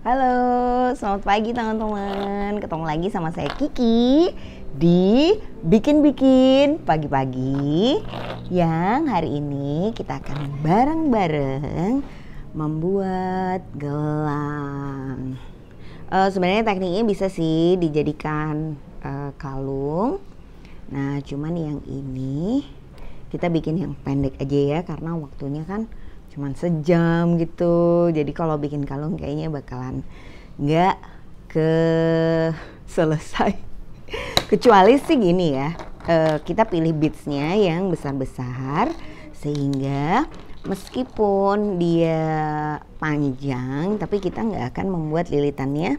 Halo, selamat pagi teman-teman. Ketemu lagi sama saya Kiki di Bikin-bikin pagi-pagi yang hari ini kita akan bareng-bareng membuat gelang. Uh, sebenarnya tekniknya bisa sih dijadikan uh, kalung. Nah, cuman yang ini kita bikin yang pendek aja ya karena waktunya kan cuman sejam gitu jadi kalau bikin kalung kayaknya bakalan nggak ke selesai kecuali sih gini ya uh, kita pilih beadsnya yang besar-besar sehingga meskipun dia panjang tapi kita nggak akan membuat lilitannya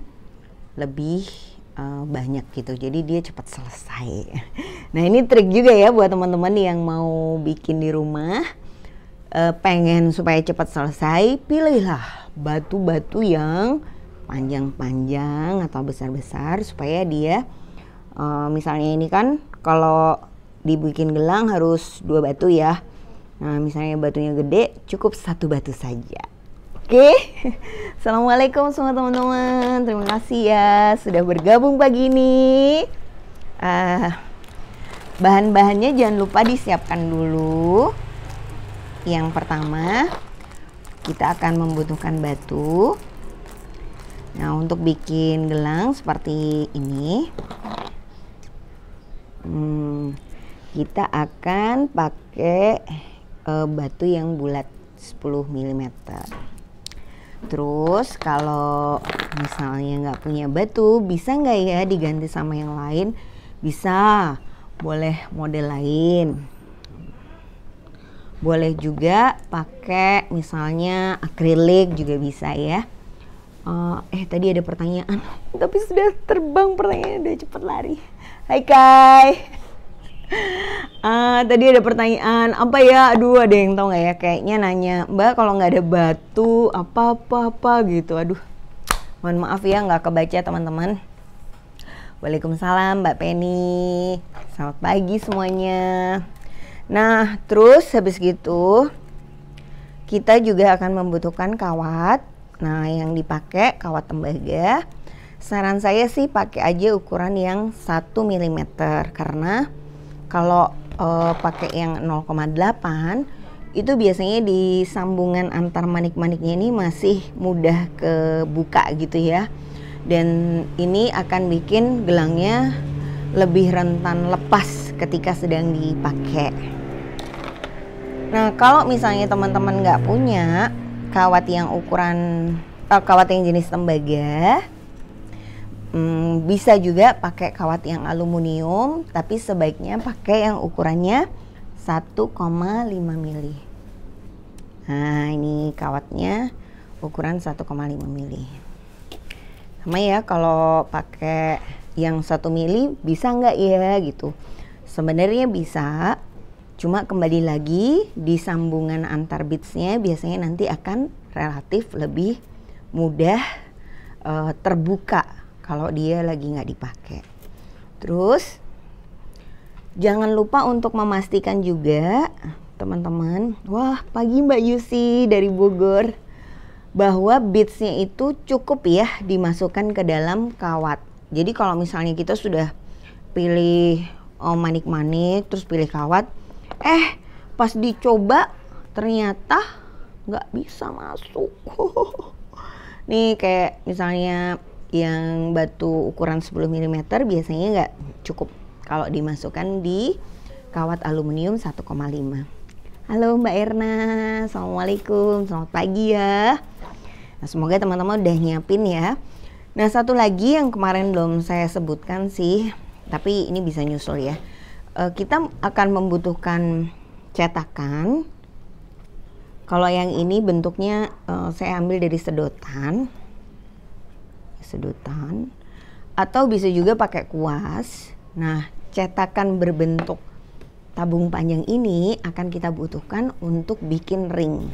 lebih uh, banyak gitu jadi dia cepat selesai nah ini trik juga ya buat teman-teman yang mau bikin di rumah uh, pengen supaya cepat selesai, pilihlah batu-batu yang panjang-panjang atau besar-besar supaya dia uh, misalnya ini kan kalau dibikin gelang harus dua batu ya. Nah, misalnya batunya gede, cukup satu batu saja. Oke, okay? assalamualaikum semua teman-teman. Terima kasih ya sudah bergabung pagi ini. Uh, bahan-bahannya jangan lupa disiapkan dulu. Yang pertama, kita akan membutuhkan batu. Nah, untuk bikin gelang seperti ini, hmm, kita akan pakai e, batu yang bulat 10 mm. Terus kalau misalnya nggak punya batu, bisa nggak ya diganti sama yang lain? Bisa, boleh model lain. Boleh juga pakai misalnya akrilik juga bisa ya. Uh, eh tadi ada pertanyaan, tapi sudah terbang pertanyaan udah cepet lari. Hai Kai. Uh, tadi ada pertanyaan apa ya? Aduh ada yang tahu nggak ya? Kayaknya nanya Mbak kalau nggak ada batu apa apa apa gitu. Aduh, mohon maaf ya nggak kebaca teman-teman. Waalaikumsalam Mbak Penny. Selamat pagi semuanya. Nah, terus habis gitu kita juga akan membutuhkan kawat. Nah, yang dipakai kawat tembaga. Saran saya sih pakai aja ukuran yang 1 mm karena kalau e, pakai yang 0,8 itu biasanya di sambungan antar manik-maniknya ini masih mudah kebuka gitu ya. Dan ini akan bikin gelangnya lebih rentan lepas ketika sedang dipakai. Nah, kalau misalnya teman-teman nggak punya kawat yang ukuran uh, kawat yang jenis tembaga, um, bisa juga pakai kawat yang aluminium, tapi sebaiknya pakai yang ukurannya 1,5 mili. Nah, ini kawatnya ukuran 1,5 mili. Sama ya kalau pakai yang 1 mili bisa nggak ya gitu. Sebenarnya bisa, Cuma kembali lagi di sambungan antar bitsnya biasanya nanti akan relatif lebih mudah uh, terbuka kalau dia lagi nggak dipakai. Terus jangan lupa untuk memastikan juga teman-teman, wah pagi Mbak Yusi dari Bogor bahwa bitsnya itu cukup ya dimasukkan ke dalam kawat. Jadi kalau misalnya kita sudah pilih manik oh, manik-manik terus pilih kawat, Eh, pas dicoba ternyata nggak bisa masuk. Nih kayak misalnya yang batu ukuran 10 mm biasanya nggak cukup kalau dimasukkan di kawat aluminium 1,5. Halo Mbak Erna, Assalamualaikum, selamat pagi ya. Nah, semoga teman-teman udah nyiapin ya. Nah satu lagi yang kemarin belum saya sebutkan sih, tapi ini bisa nyusul ya uh, kita akan membutuhkan cetakan. Kalau yang ini bentuknya uh, saya ambil dari sedotan, sedotan, atau bisa juga pakai kuas. Nah, cetakan berbentuk tabung panjang ini akan kita butuhkan untuk bikin ring.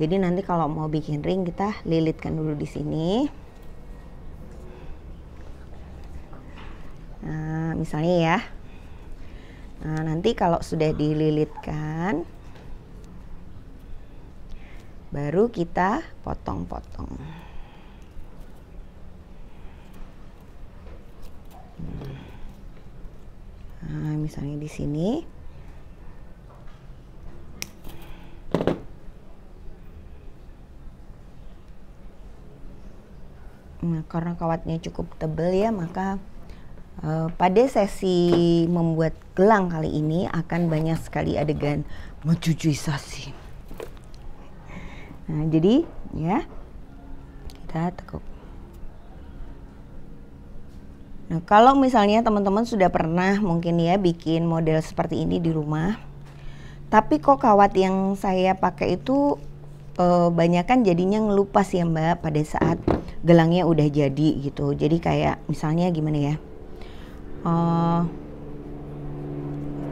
Jadi nanti kalau mau bikin ring kita lilitkan dulu di sini. Nah, misalnya ya. Nah, nanti kalau sudah dililitkan baru kita potong-potong. Nah, misalnya di sini Nah, karena kawatnya cukup tebal ya, maka Eh, pada sesi membuat gelang kali ini akan banyak sekali adegan mencucuisasi. Nah, jadi ya kita tekuk. Nah, kalau misalnya teman-teman sudah pernah mungkin ya bikin model seperti ini di rumah, tapi kok kawat yang saya pakai itu e, banyak kan jadinya ngelupas ya Mbak pada saat gelangnya udah jadi gitu. Jadi kayak misalnya gimana ya? uh,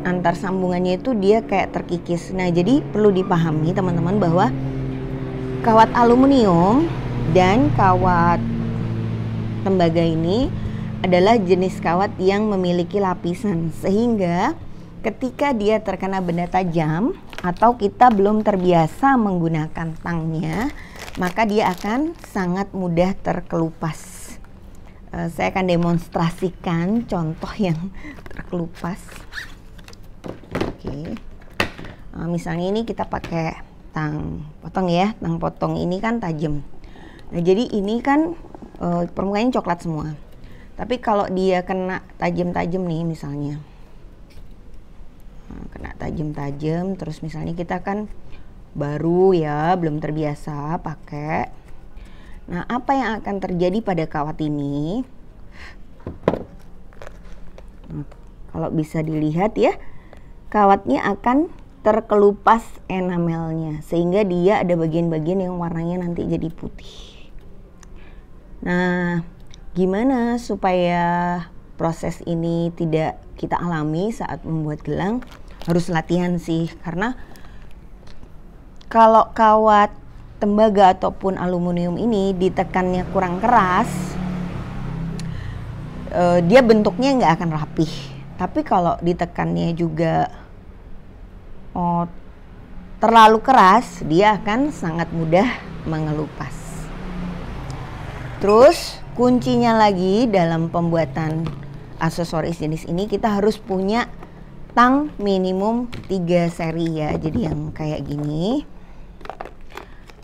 antar sambungannya itu dia kayak terkikis. Nah, jadi perlu dipahami teman-teman bahwa kawat aluminium dan kawat tembaga ini adalah jenis kawat yang memiliki lapisan sehingga ketika dia terkena benda tajam atau kita belum terbiasa menggunakan tangnya, maka dia akan sangat mudah terkelupas. Eh, saya akan demonstrasikan contoh yang terkelupas oke okay. uh, eh, misalnya ini kita pakai tang potong ya tang potong ini kan tajam nah jadi ini kan uh, permukaannya coklat semua tapi kalau dia kena tajam-tajam nih misalnya kena tajam-tajam terus misalnya kita kan baru ya belum terbiasa pakai Nah, apa yang akan terjadi pada kawat ini? Hmm, kalau bisa dilihat ya, kawatnya akan terkelupas enamelnya sehingga dia ada bagian-bagian yang warnanya nanti jadi putih. Nah, gimana supaya proses ini tidak kita alami saat membuat gelang? Harus latihan sih karena kalau kawat tembaga ataupun aluminium ini ditekannya kurang keras, uh, dia bentuknya nggak akan rapih. Tapi kalau ditekannya juga oh, terlalu keras, dia akan sangat mudah mengelupas. Terus kuncinya lagi dalam pembuatan aksesoris jenis ini kita harus punya tang minimum 3 seri ya. Jadi yang kayak gini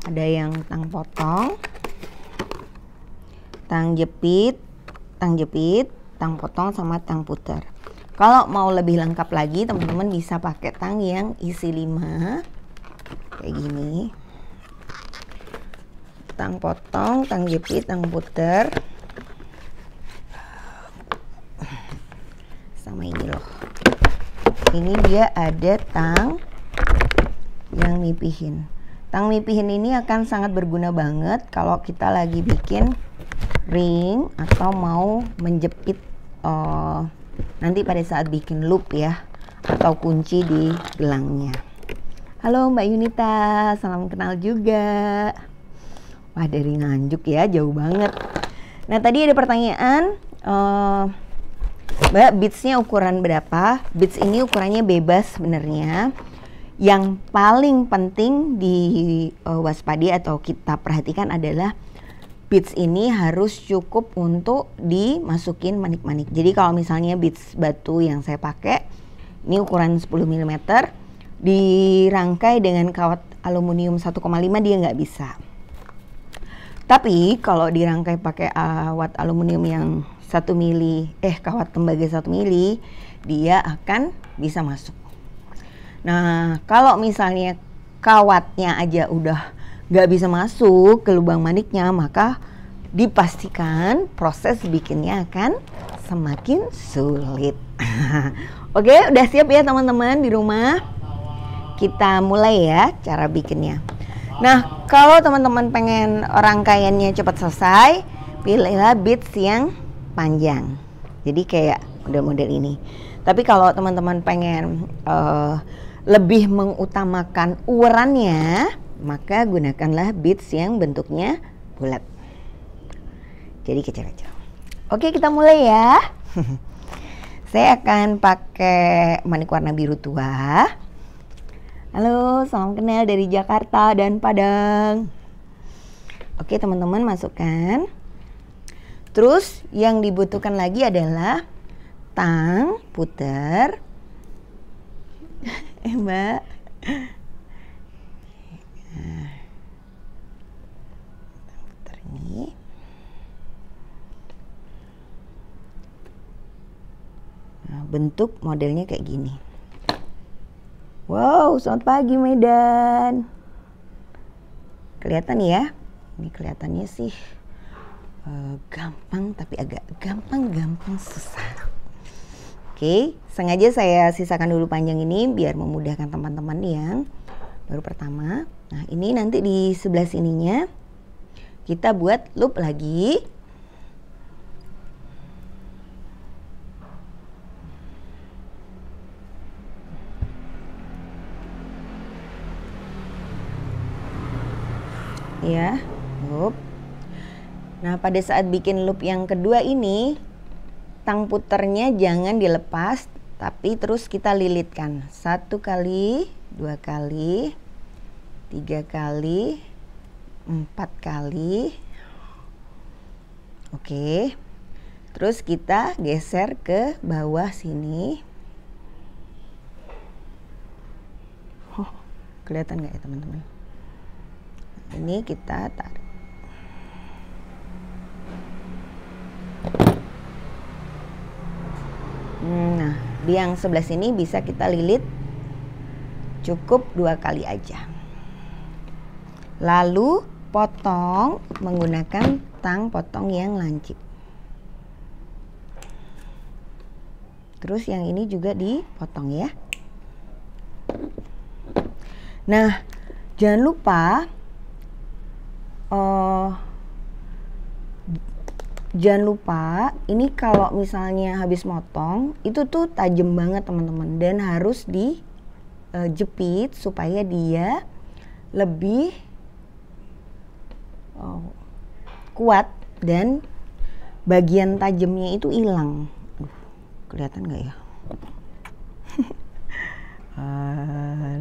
ada yang tang potong tang jepit tang jepit tang potong sama tang putar. kalau mau lebih lengkap lagi teman-teman bisa pakai tang yang isi 5 kayak gini tang potong tang jepit tang putar, sama ini loh ini dia ada tang yang nipihin Tang mipihin ini akan sangat berguna banget kalau kita lagi bikin ring atau mau menjepit uh, nanti pada saat bikin loop ya atau kunci di gelangnya. Halo Mbak Yunita, salam kenal juga. Wah dari Nganjuk ya, jauh banget. Nah tadi ada pertanyaan, uh, Mbak beadsnya ukuran berapa? Beads ini ukurannya bebas sebenarnya yang paling penting diwaspadi e, uh, atau kita perhatikan adalah beads ini harus cukup untuk dimasukin manik-manik. Jadi kalau misalnya beads batu yang saya pakai ini ukuran 10 mm dirangkai dengan kawat aluminium 1,5 dia nggak bisa. Tapi kalau dirangkai pakai e, kawat aluminium yang 1 mili eh kawat tembaga 1 mili dia akan bisa masuk. Nah, kalau misalnya kawatnya aja udah nggak bisa masuk ke lubang maniknya, maka dipastikan proses bikinnya akan semakin sulit. Oke, udah siap ya teman-teman di rumah? Kita mulai ya cara bikinnya. Nah, kalau teman-teman pengen rangkaiannya cepat selesai, pilihlah beads yang panjang. Jadi kayak model-model ini. Tapi kalau teman-teman pengen uh, lebih mengutamakan urannya, maka gunakanlah beads yang bentuknya bulat. Jadi kecil-kecil. Oke, kita mulai ya. Saya akan pakai manik warna biru tua. Halo, salam kenal dari Jakarta dan Padang. Oke, teman-teman masukkan. Terus yang dibutuhkan lagi adalah tang, puter eh mbak nah, bentuk modelnya kayak gini wow selamat pagi Medan kelihatan ya ini kelihatannya sih uh, gampang tapi agak gampang-gampang susah Oke, sengaja saya sisakan dulu panjang ini biar memudahkan teman-teman yang baru pertama. Nah, ini nanti di sebelah sininya kita buat loop lagi. Ya, loop. Nah, pada saat bikin loop yang kedua ini, tang puternya jangan dilepas tapi terus kita lilitkan satu kali dua kali tiga kali empat kali oke terus kita geser ke bawah sini oh, kelihatan nggak ya teman-teman ini kita tarik Hmm, nah, di yang sebelah sini bisa kita lilit cukup dua kali aja. Lalu potong menggunakan tang potong yang lancip. Terus yang ini juga dipotong ya. Nah, jangan lupa uh, jangan lupa ini kalau misalnya habis motong itu tuh tajam banget teman-teman dan harus dijepit e, uh, supaya dia lebih oh, kuat dan bagian tajamnya itu hilang. Aduh, kelihatan nggak ya?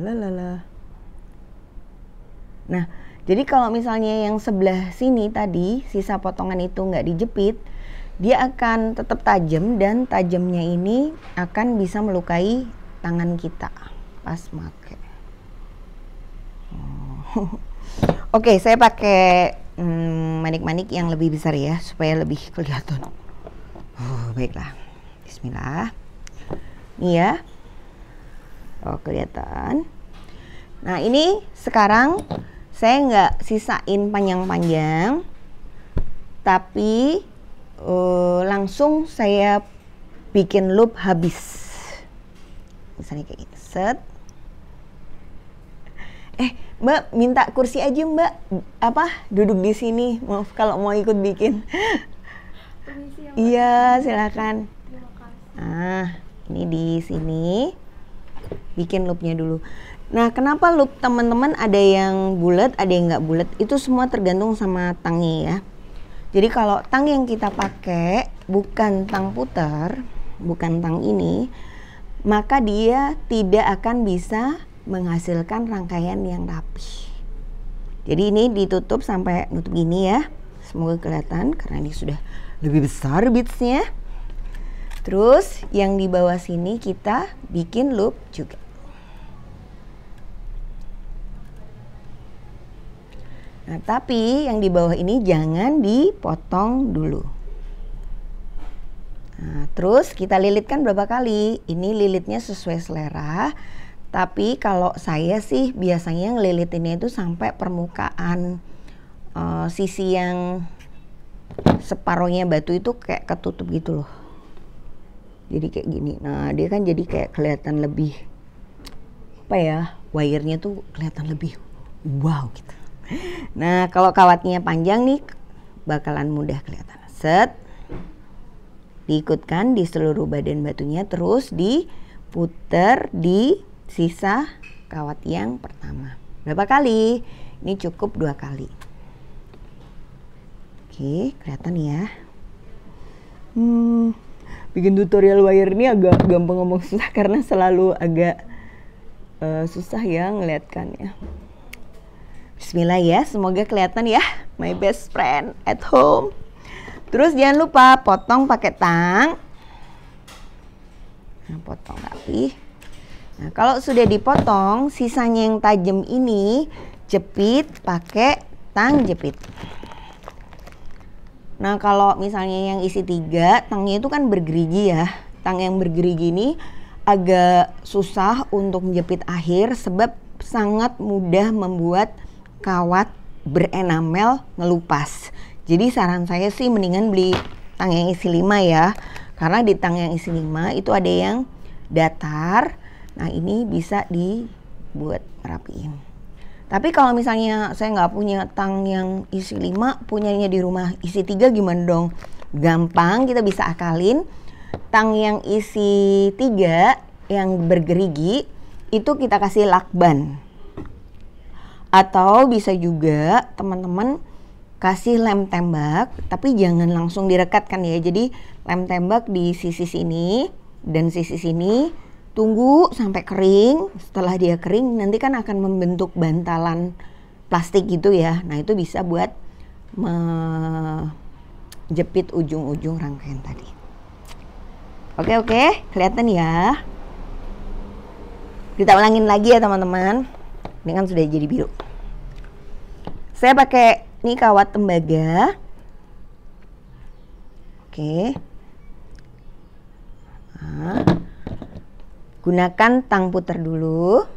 lalala. Ah, nah, jadi kalau misalnya yang sebelah sini tadi sisa potongan itu nggak dijepit, dia akan tetap tajam dan tajamnya ini akan bisa melukai tangan kita pas pakai. Oh. Oke, okay, saya pakai manik hmm, manik-manik yang lebih besar ya supaya lebih kelihatan. Oh, baiklah. Bismillah. Iya. Oh, kelihatan. Nah, ini sekarang saya nggak sisain panjang-panjang tapi uh, langsung saya bikin loop habis misalnya kayak gini gitu, set eh mbak minta kursi aja mbak apa duduk di sini maaf kalau mau ikut bikin ya, iya silakan ah ini di sini bikin loopnya dulu Nah, kenapa loop teman-teman ada yang bulat, ada yang nggak bulat? Itu semua tergantung sama tangi ya. Jadi kalau tang yang kita pakai bukan tang putar, bukan tang ini, maka dia tidak akan bisa menghasilkan rangkaian yang rapi. Jadi ini ditutup sampai nutup gini ya. Semoga kelihatan karena ini sudah lebih besar bitsnya. Terus yang di bawah sini kita bikin loop juga. Nah, tapi yang di bawah ini jangan dipotong dulu. Nah, terus kita lilitkan berapa kali? Ini lilitnya sesuai selera. Tapi kalau saya sih biasanya ngelilitinnya itu sampai permukaan uh, sisi yang separohnya batu itu kayak ketutup gitu loh. Jadi kayak gini. Nah, dia kan jadi kayak kelihatan lebih apa ya? Wirenya tuh kelihatan lebih wow gitu. Nah, kalau kawatnya panjang nih bakalan mudah kelihatan. Set. Diikutkan di seluruh badan batunya terus diputer di sisa kawat yang pertama. Berapa kali? Ini cukup dua kali. Oke, kelihatan ya. Hmm, bikin tutorial wire ini agak gampang ngomong susah karena selalu agak uh, susah ya ngeliatkan ya. Bismillah ya, semoga kelihatan ya my best friend at home. Terus jangan lupa potong pakai tang. Nah, potong rapi. Nah, kalau sudah dipotong, sisanya yang tajam ini jepit pakai tang jepit. Nah, kalau misalnya yang isi tiga, tangnya itu kan bergerigi ya. Tang yang bergerigi ini agak susah untuk menjepit akhir sebab sangat mudah membuat kawat berenamel ngelupas. Jadi saran saya sih mendingan beli tang yang isi lima ya. Karena di tang yang isi lima itu ada yang datar. Nah ini bisa dibuat rapiin. Tapi kalau misalnya saya nggak punya tang yang isi lima, punyanya di rumah isi tiga gimana dong? Gampang, kita bisa akalin. Tang yang isi tiga yang bergerigi itu kita kasih lakban atau bisa juga teman-teman kasih lem tembak tapi jangan langsung direkatkan ya jadi lem tembak di sisi sini dan sisi sini tunggu sampai kering setelah dia kering nanti kan akan membentuk bantalan plastik gitu ya nah itu bisa buat menjepit ujung-ujung rangkaian tadi oke oke kelihatan ya kita ulangin lagi ya teman-teman ini kan sudah jadi biru saya pakai ini kawat tembaga oke nah, gunakan tang puter dulu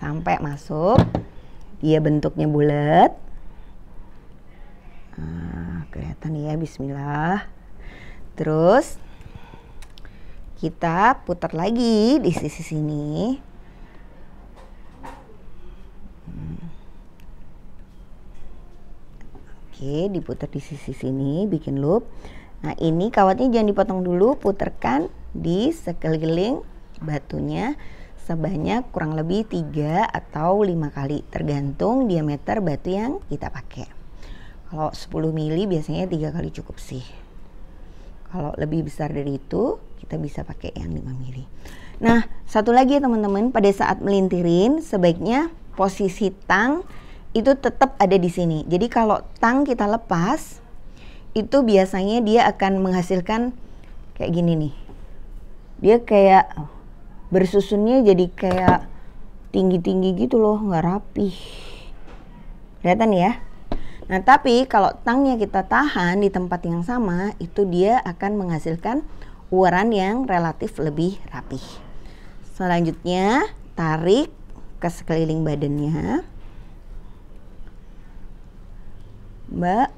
sampai masuk dia bentuknya bulat nah, kelihatan ya Bismillah terus kita putar lagi di sisi sini. Oke, diputar di sisi sini, bikin loop. Nah, ini kawatnya jangan dipotong dulu, putarkan di sekeliling batunya sebanyak kurang lebih 3 atau 5 kali, tergantung diameter batu yang kita pakai. Kalau 10 mili biasanya 3 kali cukup sih. Kalau lebih besar dari itu, kita bisa pakai yang 5 mili. Nah, satu lagi ya teman-teman, pada saat melintirin sebaiknya posisi tang itu tetap ada di sini. Jadi kalau tang kita lepas, itu biasanya dia akan menghasilkan kayak gini nih. Dia kayak bersusunnya jadi kayak tinggi-tinggi gitu loh, nggak rapi. Kelihatan ya? Nah, tapi kalau tangnya kita tahan di tempat yang sama, itu dia akan menghasilkan Uaran yang relatif lebih rapih. Selanjutnya, tarik ke sekeliling badannya. Mbak,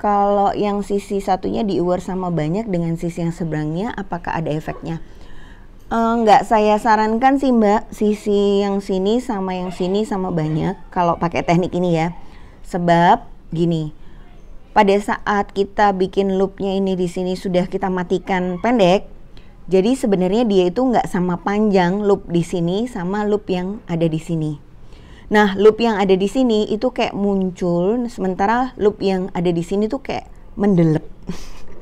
kalau yang sisi satunya diuar sama banyak dengan sisi yang seberangnya, apakah ada efeknya? Enggak, eh, saya sarankan sih mbak, sisi yang sini sama yang sini sama banyak kalau pakai teknik ini ya. Sebab gini, pada saat kita bikin loopnya ini di sini sudah kita matikan pendek jadi sebenarnya dia itu nggak sama panjang loop di sini sama loop yang ada di sini. Nah, loop yang ada di sini itu kayak muncul, sementara loop yang ada di sini tuh kayak mendelep.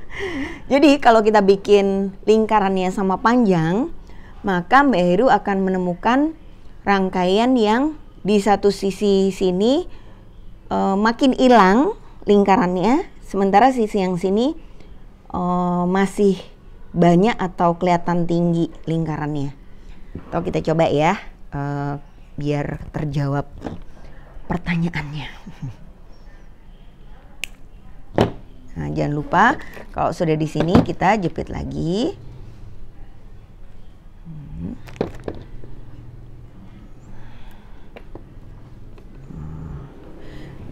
Jadi kalau kita bikin lingkarannya sama panjang, maka Mbak Heru akan menemukan rangkaian yang di satu sisi sini e, makin hilang lingkarannya, sementara sisi yang sini uh, masih banyak atau kelihatan tinggi lingkarannya. Atau kita coba ya, uh, biar terjawab pertanyaannya. Nah, jangan lupa kalau sudah di sini kita jepit lagi. Hmm.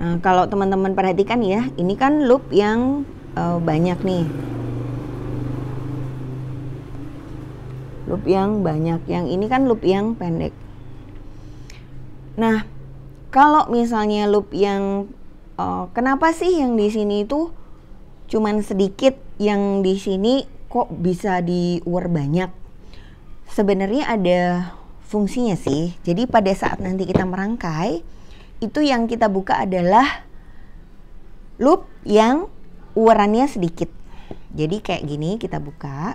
Nah, kalau teman-teman perhatikan ya, ini kan loop yang uh, banyak nih. Loop yang banyak, yang ini kan loop yang pendek. Nah, kalau misalnya loop yang uh, kenapa sih yang di sini itu cuman sedikit, yang di sini kok bisa diuar banyak? Sebenarnya ada fungsinya sih. Jadi pada saat nanti kita merangkai, itu yang kita buka adalah loop yang warnanya sedikit. Jadi kayak gini kita buka.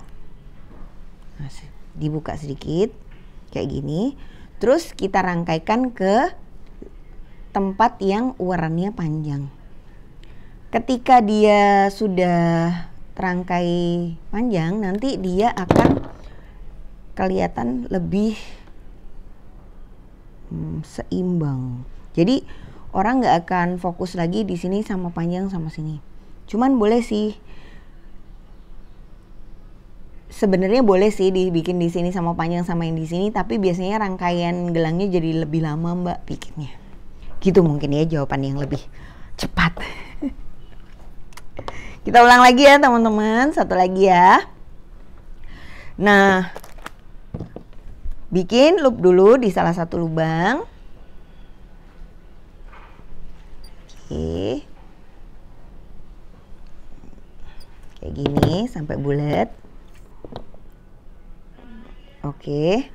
Nah, dibuka sedikit kayak gini. Terus kita rangkaikan ke tempat yang warnanya panjang. Ketika dia sudah terangkai panjang, nanti dia akan kelihatan lebih hmm, seimbang. Jadi orang nggak akan fokus lagi di sini sama panjang sama sini. Cuman boleh sih sebenarnya boleh sih dibikin di sini sama panjang sama yang di sini tapi biasanya rangkaian gelangnya jadi lebih lama mbak pikirnya. gitu mungkin ya jawaban yang lebih cepat kita ulang lagi ya teman-teman satu lagi ya nah bikin loop dulu di salah satu lubang Oke. Kayak gini sampai bulat. Oke.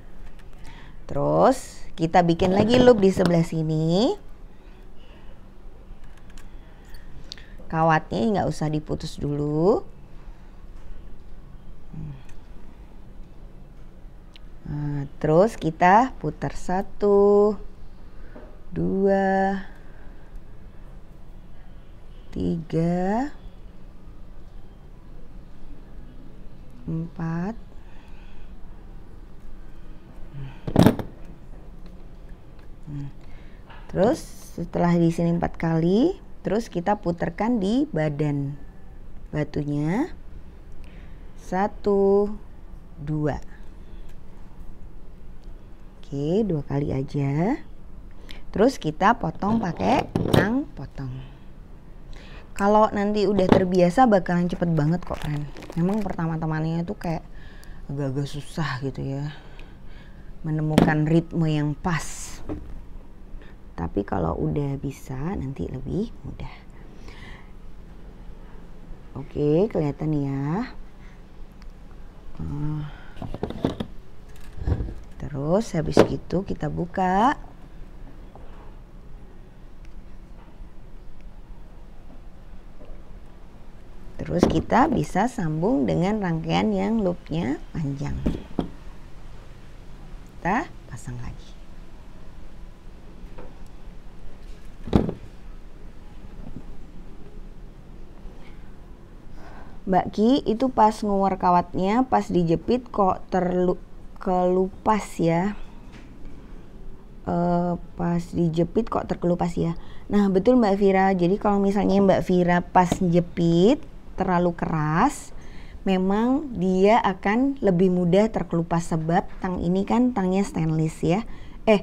Terus kita bikin lagi loop di sebelah sini. Kawatnya nggak usah diputus dulu. Nah, terus kita putar satu, dua, tiga empat terus setelah di sini empat kali terus kita putarkan di badan batunya satu dua oke dua kali aja terus kita potong pakai tang potong kalau nanti udah terbiasa bakalan cepet banget kok Ren memang pertama-tamanya tuh kayak agak-agak susah gitu ya menemukan ritme yang pas tapi kalau udah bisa nanti lebih mudah oke kelihatan ya ah. terus habis itu kita buka Terus kita bisa sambung dengan rangkaian yang loopnya panjang. Kita pasang lagi. Mbak Ki itu pas ngewar kawatnya pas dijepit kok terkelupas ya e, pas dijepit kok terkelupas ya. Nah betul Mbak Vira. Jadi kalau misalnya Mbak Vira pas jepit terlalu keras, memang dia akan lebih mudah terkelupas sebab tang ini kan tangnya stainless ya. Eh,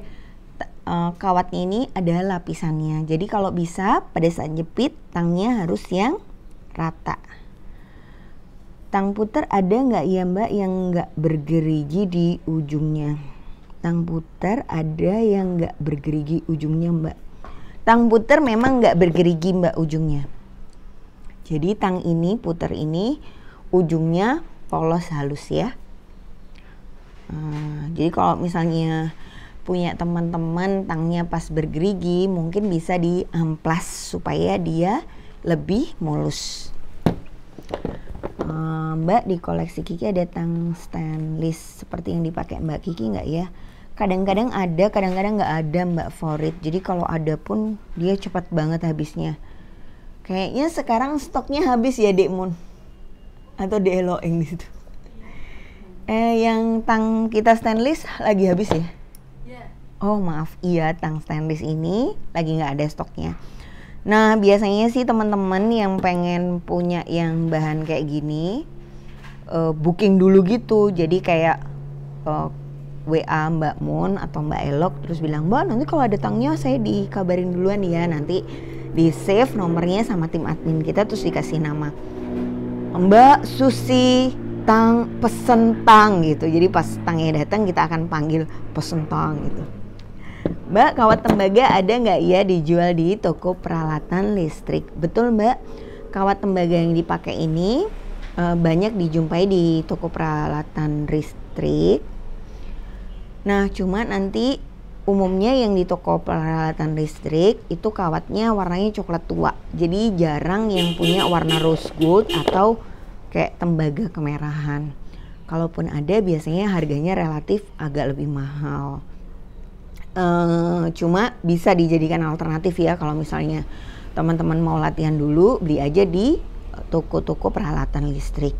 kawat eh, kawatnya ini ada lapisannya. Jadi kalau bisa pada saat jepit tangnya harus yang rata. Tang puter ada nggak ya mbak yang nggak bergerigi di ujungnya? Tang puter ada yang nggak bergerigi ujungnya mbak. Tang puter memang nggak bergerigi mbak ujungnya jadi tang ini puter ini ujungnya polos halus ya. Hmm, jadi kalau misalnya punya teman-teman tangnya pas bergerigi mungkin bisa di amplas supaya dia lebih mulus. Hmm, Mbak di koleksi Kiki ada tang stainless seperti yang dipakai Mbak Kiki nggak ya? Kadang-kadang ada, kadang-kadang nggak ada Mbak Forit. Jadi kalau ada pun dia cepat banget habisnya Kayaknya sekarang stoknya habis ya Dek Moon atau Eloeng di situ. Eh yang tang kita stainless lagi habis ya? Iya. Oh maaf, iya tang stainless ini lagi nggak ada stoknya. Nah biasanya sih teman-teman yang pengen punya yang bahan kayak gini uh, booking dulu gitu. Jadi kayak uh, eh, WA Mbak Moon atau Mbak Elok terus bilang, "Mbak, nanti kalau ada tangnya saya dikabarin duluan ya nanti." di save nomornya sama tim admin kita terus dikasih nama Mbak Susi Tang Pesentang gitu. Jadi pas tangnya datang kita akan panggil Pesentang gitu. Mbak kawat tembaga ada nggak ya dijual di toko peralatan listrik? Betul Mbak, kawat tembaga yang dipakai ini eh, banyak dijumpai di toko peralatan listrik. Nah cuma nanti umumnya yang di toko peralatan listrik itu kawatnya warnanya coklat tua. Jadi jarang yang punya warna rose gold atau kayak tembaga kemerahan. Kalaupun ada biasanya harganya relatif agak lebih mahal. Uh, cuma bisa dijadikan alternatif ya kalau misalnya teman-teman mau latihan dulu beli aja di toko-toko peralatan listrik.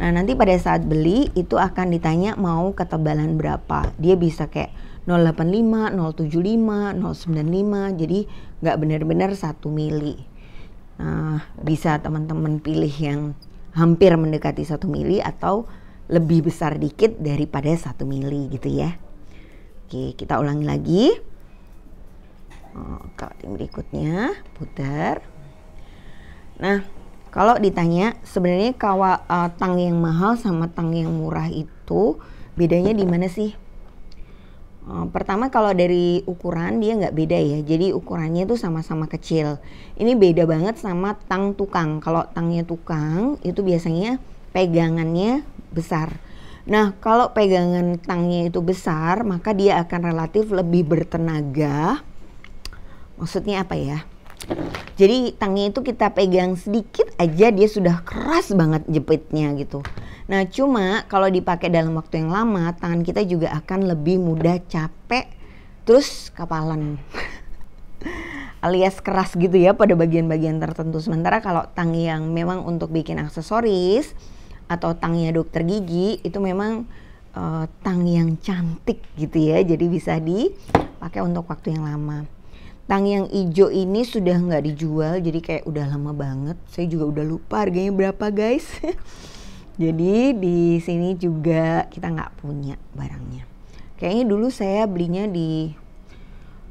Nah nanti pada saat beli itu akan ditanya mau ketebalan berapa. Dia bisa kayak 085, 075, 095 jadi nggak benar-benar satu mili nah bisa teman-teman pilih yang hampir mendekati satu mili atau lebih besar dikit daripada satu mili gitu ya oke kita ulangi lagi di oh, berikutnya putar nah kalau ditanya sebenarnya kawa uh, tang yang mahal sama tang yang murah itu bedanya di mana sih Eh, pertama kalau dari ukuran dia nggak beda ya, jadi ukurannya itu sama-sama kecil. Ini beda banget sama tang tukang. Kalau tangnya tukang itu biasanya pegangannya besar. Nah kalau pegangan tangnya itu besar maka dia akan relatif lebih bertenaga. Maksudnya apa ya? Jadi tangnya itu kita pegang sedikit aja dia sudah keras banget jepitnya gitu. Nah, cuma kalau dipakai dalam waktu yang lama, tangan kita juga akan lebih mudah capek, terus kapalan. alias keras gitu ya pada bagian-bagian tertentu. Sementara kalau tang yang memang untuk bikin aksesoris atau tangnya dokter gigi itu memang uh, eh, tang yang cantik gitu ya. Jadi bisa dipakai untuk waktu yang lama. Tang yang hijau ini sudah nggak dijual, jadi kayak udah lama banget. Saya juga udah lupa harganya berapa guys. Jadi di sini juga kita nggak punya barangnya. Kayaknya dulu saya belinya di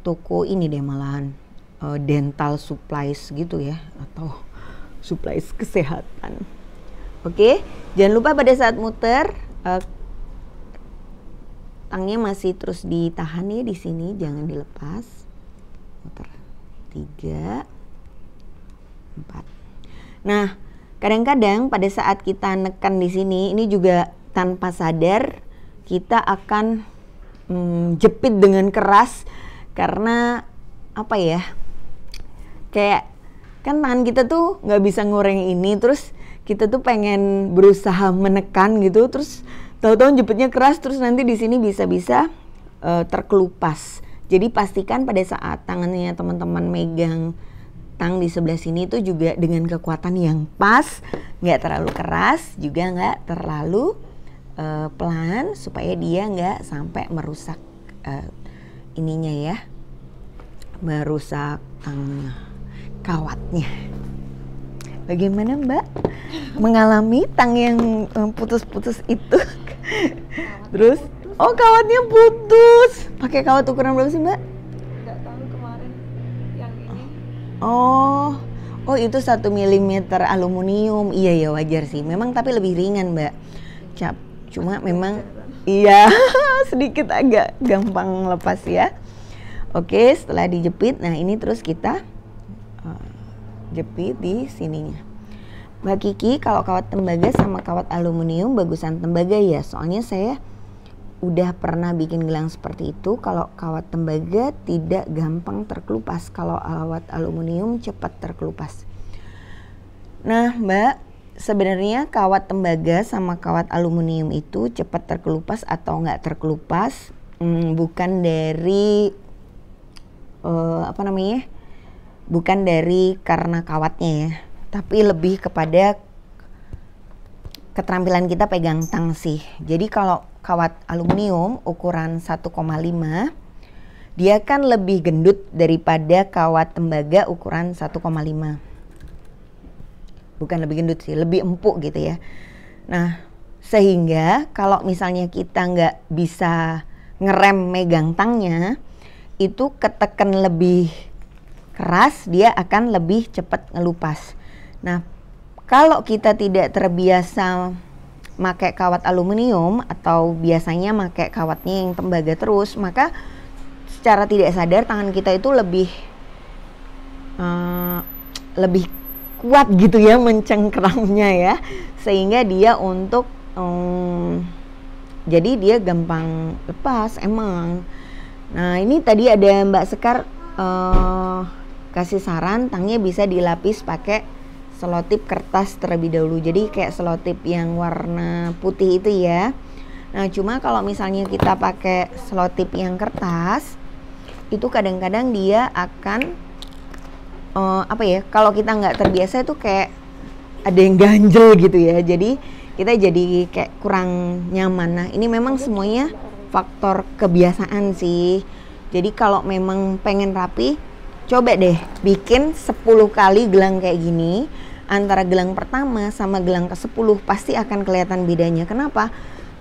toko ini deh malahan uh, dental supplies gitu ya atau supplies kesehatan. Oke, jangan lupa pada saat muter uh, tangnya masih terus ditahan ya di sini, jangan dilepas. Muter tiga, empat. Nah, Kadang-kadang pada saat kita nekan di sini, ini juga tanpa sadar kita akan hmm, jepit dengan keras karena apa ya? Kayak kan tangan kita tuh nggak bisa ngoreng ini, terus kita tuh pengen berusaha menekan gitu, terus tahu-tahu jepitnya keras, terus nanti di sini bisa-bisa uh, terkelupas. Jadi pastikan pada saat tangannya teman-teman megang batang di sebelah sini itu juga dengan kekuatan yang pas, nggak terlalu keras, juga nggak terlalu uh, pelan supaya dia nggak sampai merusak uh, ininya ya, merusak tangnya, eh, kawatnya. Bagaimana Mbak mengalami tang yang putus-putus itu? Terus, oh kawatnya putus. Pakai kawat ukuran berapa sih Mbak? Oh, oh itu satu milimeter aluminium. Iya ya wajar sih. Memang tapi lebih ringan mbak. Cap, cuma memang iya sedikit agak gampang lepas ya. Oke, setelah dijepit, nah ini terus kita eh, jepit di sininya. Mbak Kiki, kalau kawat tembaga sama kawat aluminium bagusan tembaga ya, soalnya saya udah pernah bikin gelang seperti itu kalau kawat tembaga tidak gampang terkelupas kalau kawat aluminium cepat terkelupas nah mbak sebenarnya kawat tembaga sama kawat aluminium itu cepat terkelupas atau nggak terkelupas hmm, bukan dari uh, apa namanya ya? bukan dari karena kawatnya ya tapi lebih kepada keterampilan kita pegang tang sih. Jadi kalau kawat aluminium ukuran 1,5 dia kan lebih gendut daripada kawat tembaga ukuran 1,5. Bukan lebih gendut sih, lebih empuk gitu ya. Nah, sehingga kalau misalnya kita nggak bisa ngerem megang tangnya, itu ketekan lebih keras dia akan lebih cepat ngelupas. Nah, kalau kita tidak terbiasa pakai kawat aluminium atau biasanya pakai kawatnya yang tembaga terus, maka secara tidak sadar tangan kita itu lebih uh, lebih kuat gitu ya mencengkramnya ya, sehingga dia untuk um, jadi dia gampang lepas emang. Nah ini tadi ada Mbak Sekar uh, kasih saran tangnya bisa dilapis pakai selotip kertas terlebih dahulu jadi kayak selotip yang warna putih itu ya nah cuma kalau misalnya kita pakai selotip yang kertas itu kadang-kadang dia akan uh, apa ya kalau kita nggak terbiasa itu kayak ada yang ganjel gitu ya jadi kita jadi kayak kurang nyaman nah ini memang semuanya faktor kebiasaan sih jadi kalau memang pengen rapi coba deh bikin 10 kali gelang kayak gini antara gelang pertama sama gelang ke-10 pasti akan kelihatan bedanya. Kenapa?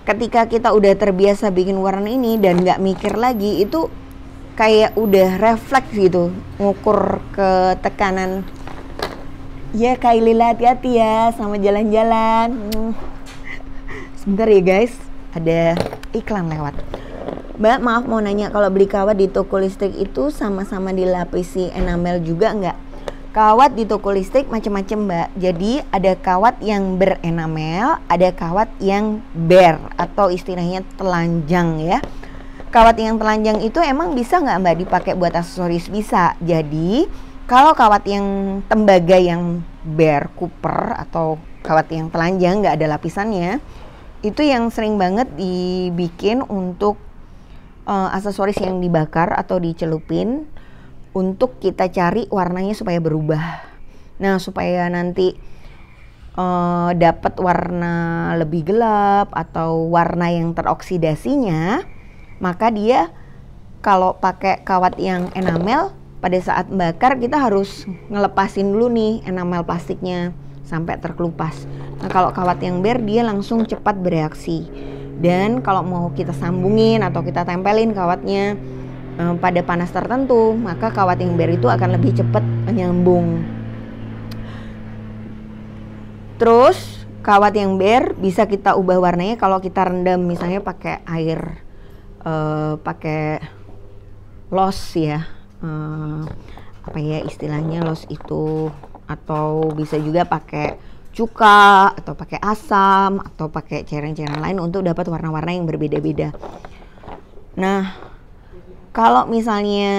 Ketika kita udah terbiasa bikin warna ini dan nggak mikir lagi itu kayak udah refleks gitu ngukur ke tekanan ya lila hati-hati ya sama jalan-jalan hmm. sebentar ya guys ada iklan lewat Mbak maaf mau nanya kalau beli kawat di toko listrik itu sama-sama dilapisi enamel juga nggak? Kawat di toko listrik macam-macam mbak. Jadi ada kawat yang berenamel, ada kawat yang bare atau istilahnya telanjang ya. Kawat yang telanjang itu emang bisa nggak mbak dipakai buat aksesoris bisa. Jadi kalau kawat yang tembaga yang bare cooper atau kawat yang telanjang nggak ada lapisannya, itu yang sering banget dibikin untuk uh, aksesoris yang dibakar atau dicelupin untuk kita cari warnanya supaya berubah. Nah, supaya nanti uh, dapat warna lebih gelap atau warna yang teroksidasinya, maka dia kalau pakai kawat yang enamel pada saat bakar kita harus ngelepasin dulu nih enamel plastiknya sampai terkelupas. Nah, kalau kawat yang ber dia langsung cepat bereaksi. Dan kalau mau kita sambungin atau kita tempelin kawatnya, pada panas tertentu, maka kawat yang ber itu akan lebih cepat menyambung. Terus kawat yang ber bisa kita ubah warnanya kalau kita rendam misalnya pakai air uh, pakai los ya. Uh, apa ya istilahnya los itu atau bisa juga pakai cuka atau pakai asam atau pakai cairan-cairan lain untuk dapat warna-warna yang berbeda-beda. Nah, kalau misalnya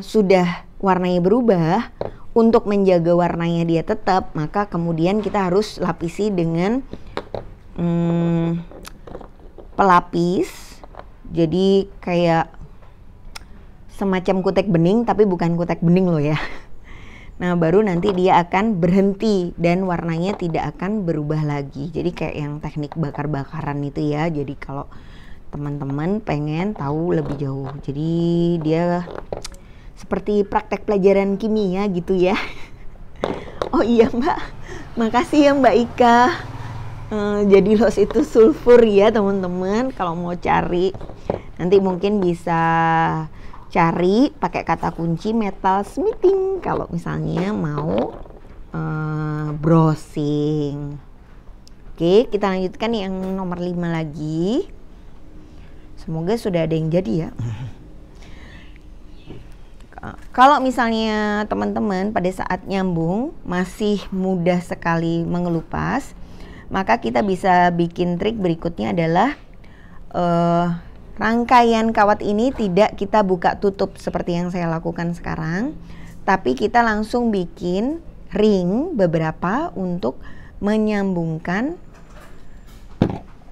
sudah warnanya berubah, untuk menjaga warnanya dia tetap, maka kemudian kita harus lapisi dengan hmm, pelapis. Jadi kayak semacam kutek bening, tapi bukan kutek bening loh ya. Nah, baru nanti dia akan berhenti dan warnanya tidak akan berubah lagi. Jadi kayak yang teknik bakar-bakaran itu ya. Jadi kalau teman-teman pengen tahu lebih jauh. Jadi dia seperti praktek pelajaran kimia gitu ya. Oh iya Mbak, makasih ya Mbak Ika. Uh, jadi los itu sulfur ya teman-teman. Kalau mau cari nanti mungkin bisa cari pakai kata kunci metal smithing kalau misalnya mau uh, browsing. Oke, kita lanjutkan yang nomor 5 lagi. Semoga sudah ada yang jadi ya. Kalau misalnya teman-teman pada saat nyambung masih mudah sekali mengelupas, maka kita bisa bikin trik berikutnya adalah uh, rangkaian kawat ini tidak kita buka tutup seperti yang saya lakukan sekarang, tapi kita langsung bikin ring beberapa untuk menyambungkan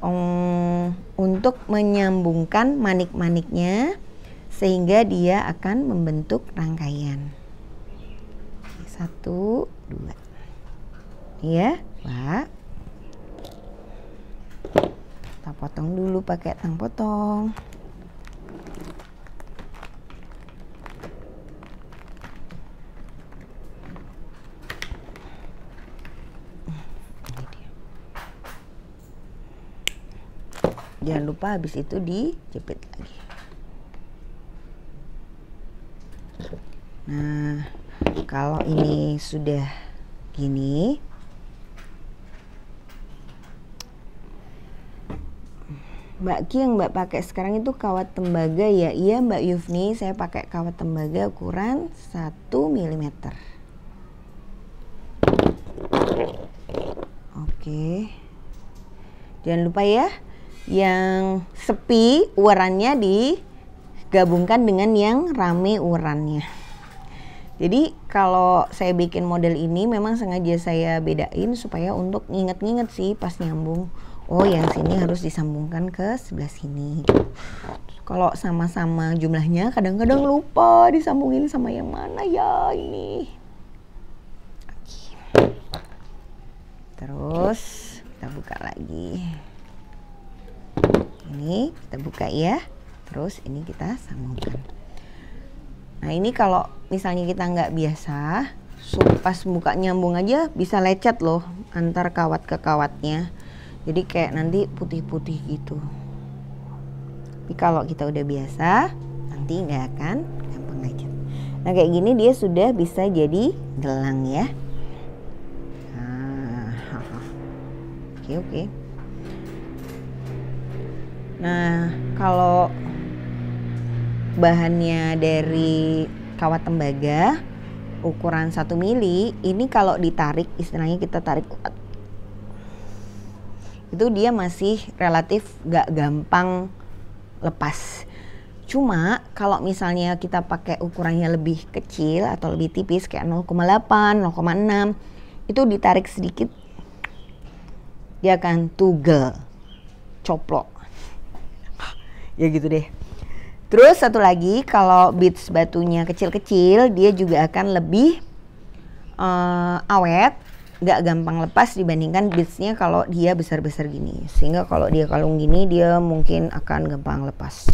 um, untuk menyambungkan manik-maniknya sehingga dia akan membentuk rangkaian. Satu, dua. Ya, Pak. Kita potong dulu pakai tang potong. jangan lupa habis itu dijepit lagi nah kalau ini sudah gini Mbak Ki yang Mbak pakai sekarang itu kawat tembaga ya iya Mbak Yufni saya pakai kawat tembaga ukuran 1 mm oke jangan lupa ya yang sepi urannya digabungkan dengan yang rame urannya. Jadi kalau saya bikin model ini memang sengaja saya bedain supaya untuk nginget-nginget sih pas nyambung. Oh yang sini harus disambungkan ke sebelah sini. Kalau sama-sama jumlahnya kadang-kadang lupa disambungin sama yang mana ya ini. Terus kita buka lagi ini kita buka ya terus ini kita sambungkan nah ini kalau misalnya kita nggak biasa pas buka nyambung aja bisa lecet loh antar kawat ke kawatnya jadi kayak nanti putih-putih gitu tapi kalau kita udah biasa nanti nggak akan gampang lecet nah kayak gini dia sudah bisa jadi gelang ya ah, oke ah, oke okay. Nah, kalau bahannya dari kawat tembaga ukuran 1 mili, ini kalau ditarik istilahnya kita tarik kuat. Itu dia masih relatif gak gampang lepas. Cuma kalau misalnya kita pakai ukurannya lebih kecil atau lebih tipis kayak 0,8, 0,6 itu ditarik sedikit dia akan tugel, coplok ya gitu deh terus satu lagi kalau bits batunya kecil-kecil dia juga akan lebih uh, awet nggak gampang lepas dibandingkan beadsnya kalau dia besar-besar gini sehingga kalau dia kalung gini dia mungkin akan gampang lepas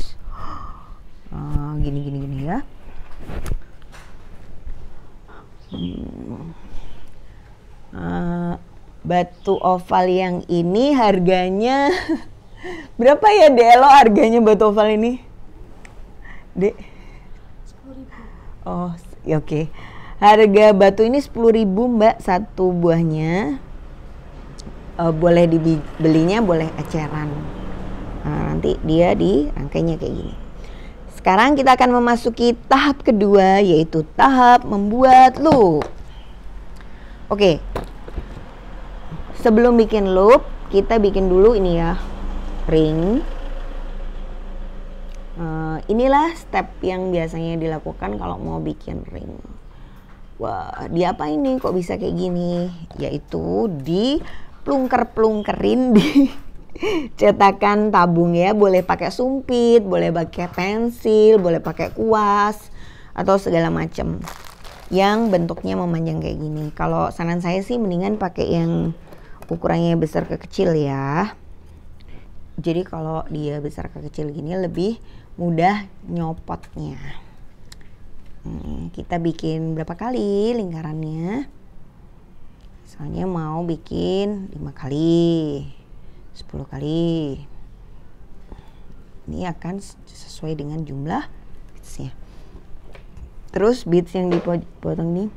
eh, gini gini gini ya hmm. uh, batu oval yang ini harganya Berapa ya DLO harganya buat oval ini? Dek. Oh, ya, oke. Harga batu ini 10.000, Mbak, satu buahnya. Uh, boleh dibelinya, boleh eceran. Nah, nanti dia di rangkainya kayak gini. Sekarang kita akan memasuki tahap kedua yaitu tahap membuat loop. Oke. Sebelum bikin loop, kita bikin dulu ini ya, ring uh, inilah step yang biasanya dilakukan kalau mau bikin ring wah di apa ini kok bisa kayak gini yaitu di plungker plungkerin di cetakan tabung ya boleh pakai sumpit boleh pakai pensil boleh pakai kuas atau segala macam yang bentuknya memanjang kayak gini kalau saran saya sih mendingan pakai yang ukurannya besar ke kecil ya jadi kalau dia besar ke kecil gini lebih mudah nyopotnya. Hmm, kita bikin berapa kali lingkarannya? Misalnya mau bikin 5 kali, 10 kali. Ini akan sesuai dengan jumlah beadsnya. Terus bits yang dipotong nih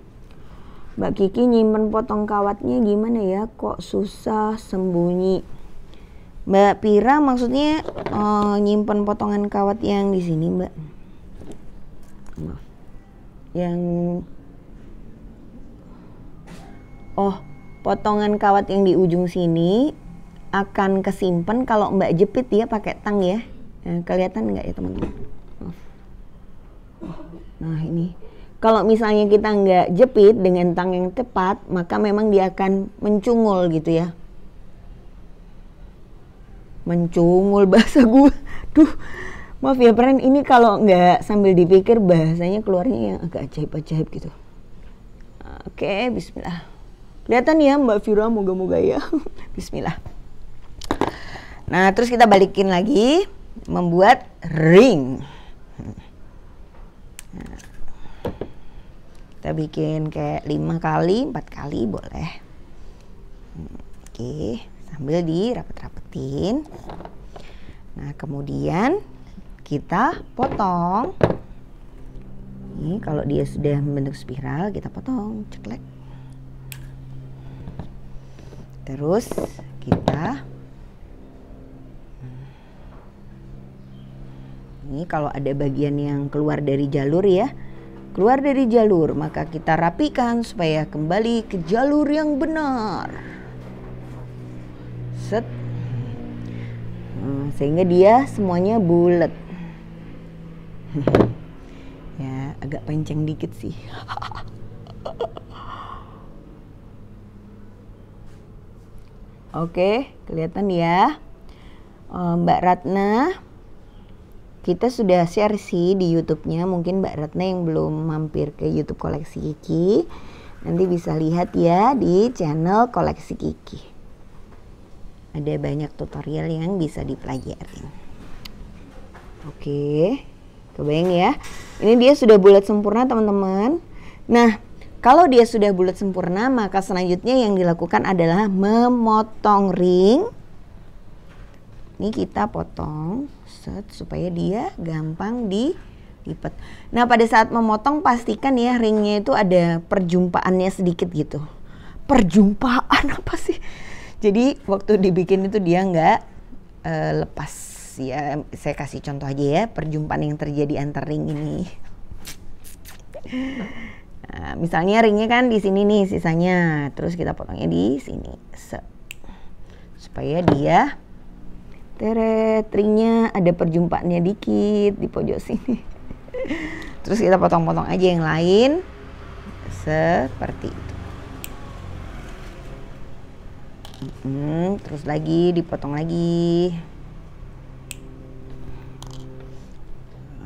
Mbak Kiki nyimpen potong kawatnya gimana ya? Kok susah sembunyi? Mbak Pira maksudnya uh, nyimpen potongan kawat yang di sini, Mbak. Yang Oh, potongan kawat yang di ujung sini akan kesimpan kalau Mbak jepit dia pakai tang ya. Nah, kelihatan nggak ya, teman-teman? Nah, ini kalau misalnya kita nggak jepit dengan tang yang tepat, maka memang dia akan mencungul gitu ya mencungul bahasa gue duh maaf ya pren ini kalau nggak sambil dipikir bahasanya keluarnya yang agak ajaib-ajaib gitu oke bismillah kelihatan ya mbak Fira, moga-moga ya bismillah nah terus kita balikin lagi membuat ring kita bikin kayak lima kali empat kali boleh hmm, oke okay sambil dirapet-rapetin. Nah, kemudian kita potong. Ini kalau dia sudah membentuk spiral, kita potong, ceklek. Terus kita Ini kalau ada bagian yang keluar dari jalur ya, keluar dari jalur, maka kita rapikan supaya kembali ke jalur yang benar. sehingga dia semuanya bulat ya agak panjang dikit sih Oke, kelihatan ya. Eh, Mbak Ratna, kita sudah share sih di YouTube-nya. Mungkin Mbak Ratna yang belum mampir ke YouTube koleksi Kiki, nanti bisa lihat ya di channel koleksi Kiki ada banyak tutorial yang bisa dipelajari. oke kebayang ya ini dia sudah bulat sempurna teman-teman nah kalau dia sudah bulat sempurna maka selanjutnya yang dilakukan adalah memotong ring ini kita potong set supaya dia gampang di Nah, pada saat memotong pastikan ya ringnya itu ada perjumpaannya sedikit gitu. Perjumpaan apa sih? Jadi waktu dibikin itu dia nggak uh, lepas ya. Saya kasih contoh aja ya perjumpaan yang terjadi antar ring ini. Nah, misalnya ringnya kan di sini nih sisanya, terus kita potongnya di sini, Se supaya dia teret ringnya ada perjumpaannya dikit di pojok sini. Terus kita potong-potong aja yang lain seperti itu hmm, terus lagi dipotong lagi.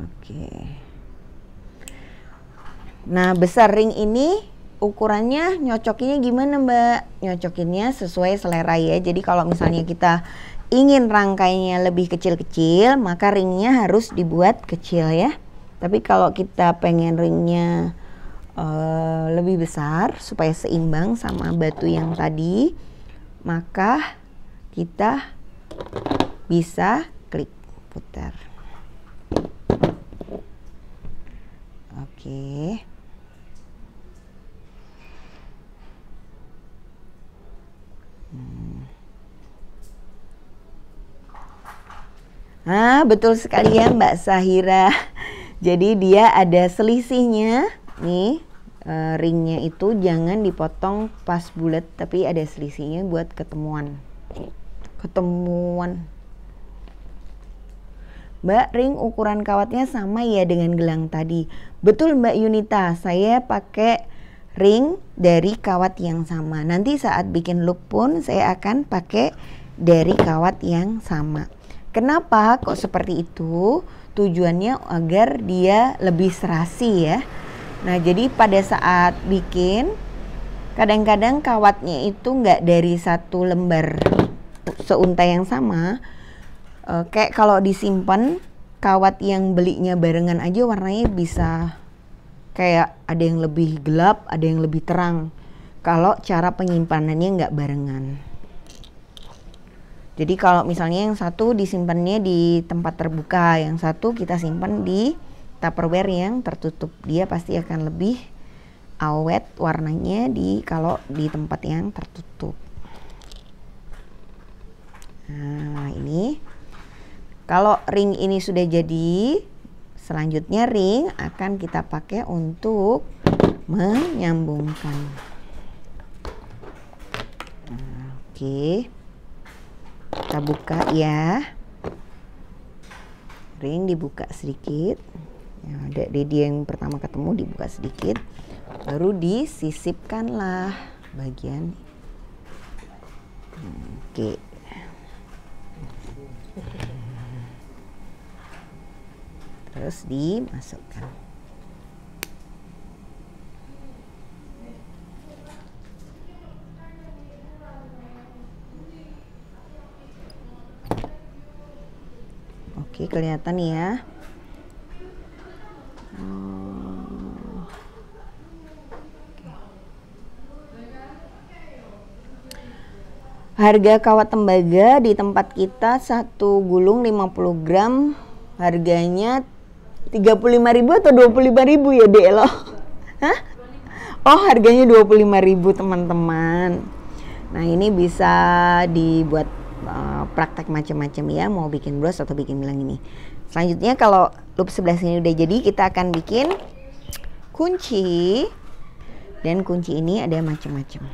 Oke. Nah, besar ring ini ukurannya nyocokinnya gimana, Mbak? Nyocokinnya sesuai selera ya. Jadi kalau misalnya kita ingin rangkainya lebih kecil-kecil, maka ringnya harus dibuat kecil ya. Tapi kalau kita pengen ringnya uh, lebih besar supaya seimbang sama batu yang tadi, maka kita bisa klik putar. Oke. Hmm. Ah, betul sekali ya Mbak Sahira. Jadi dia ada selisihnya nih uh, ringnya itu jangan dipotong pas bulat tapi ada selisihnya buat ketemuan ketemuan Mbak, ring ukuran kawatnya sama ya dengan gelang tadi. Betul Mbak Yunita, saya pakai ring dari kawat yang sama. Nanti saat bikin loop pun saya akan pakai dari kawat yang sama. Kenapa kok seperti itu? Tujuannya agar dia lebih serasi ya. Nah, jadi pada saat bikin kadang-kadang kawatnya itu nggak dari satu lembar seuntai yang sama. E, kayak kalau disimpan kawat yang belinya barengan aja warnanya bisa kayak ada yang lebih gelap, ada yang lebih terang. Kalau cara penyimpanannya nggak barengan. Jadi kalau misalnya yang satu disimpannya di tempat terbuka, yang satu kita simpan di Tupperware yang tertutup dia pasti akan lebih awet warnanya di kalau di tempat yang tertutup. Nah, ini kalau ring ini sudah jadi, selanjutnya ring akan kita pakai untuk menyambungkan. Nah, Oke. Kita buka ya. Ring dibuka sedikit. Ya, Ada dedi yang pertama ketemu dibuka sedikit, baru disisipkanlah bagian. Oke. Terus dimasukkan. Oke, kelihatan ya. Harga kawat tembaga di tempat kita satu gulung 50 gram harganya 35.000 atau 25.000 ya, deh lo? Hah? Oh, harganya 25.000, teman-teman. Nah, ini bisa dibuat uh, praktek macam-macam ya, mau bikin bros atau bikin bilang ini. Selanjutnya kalau loop sebelah sini udah jadi, kita akan bikin kunci. Dan kunci ini ada macam-macam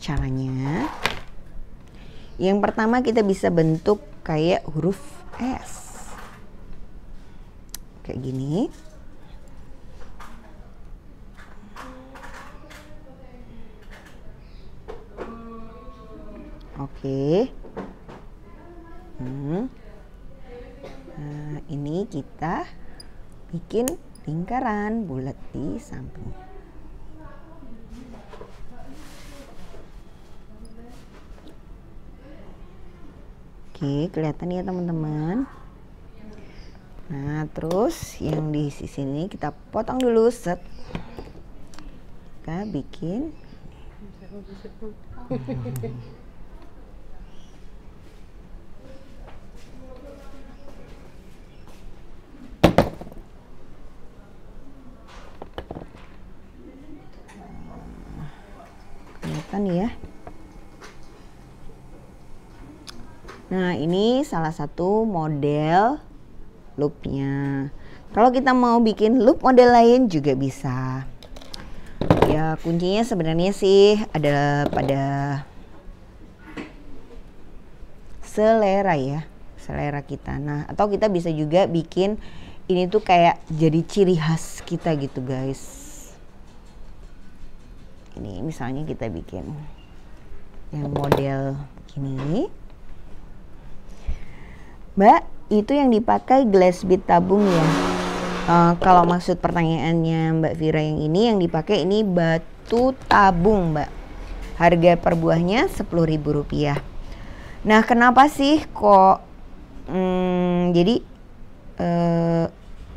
caranya. Yang pertama kita bisa bentuk kayak huruf S. Kayak gini. Oke. Okay. Hmm. Nah, ini kita bikin lingkaran bulat di samping. Oke, kelihatan ya teman-teman. Nah, terus yang di sisi ini kita potong dulu set. Kita bikin. salah satu model loopnya kalau kita mau bikin loop model lain juga bisa ya kuncinya sebenarnya sih ada pada selera ya selera kita nah atau kita bisa juga bikin ini tuh kayak jadi ciri khas kita gitu guys ini misalnya kita bikin yang model ini Mbak, itu yang dipakai glass bead tabung ya? Uh, kalau maksud pertanyaannya Mbak Vira yang ini, yang dipakai ini batu tabung Mbak. Harga per buahnya Rp10.000. Nah, kenapa sih kok... Hmm, jadi... Uh,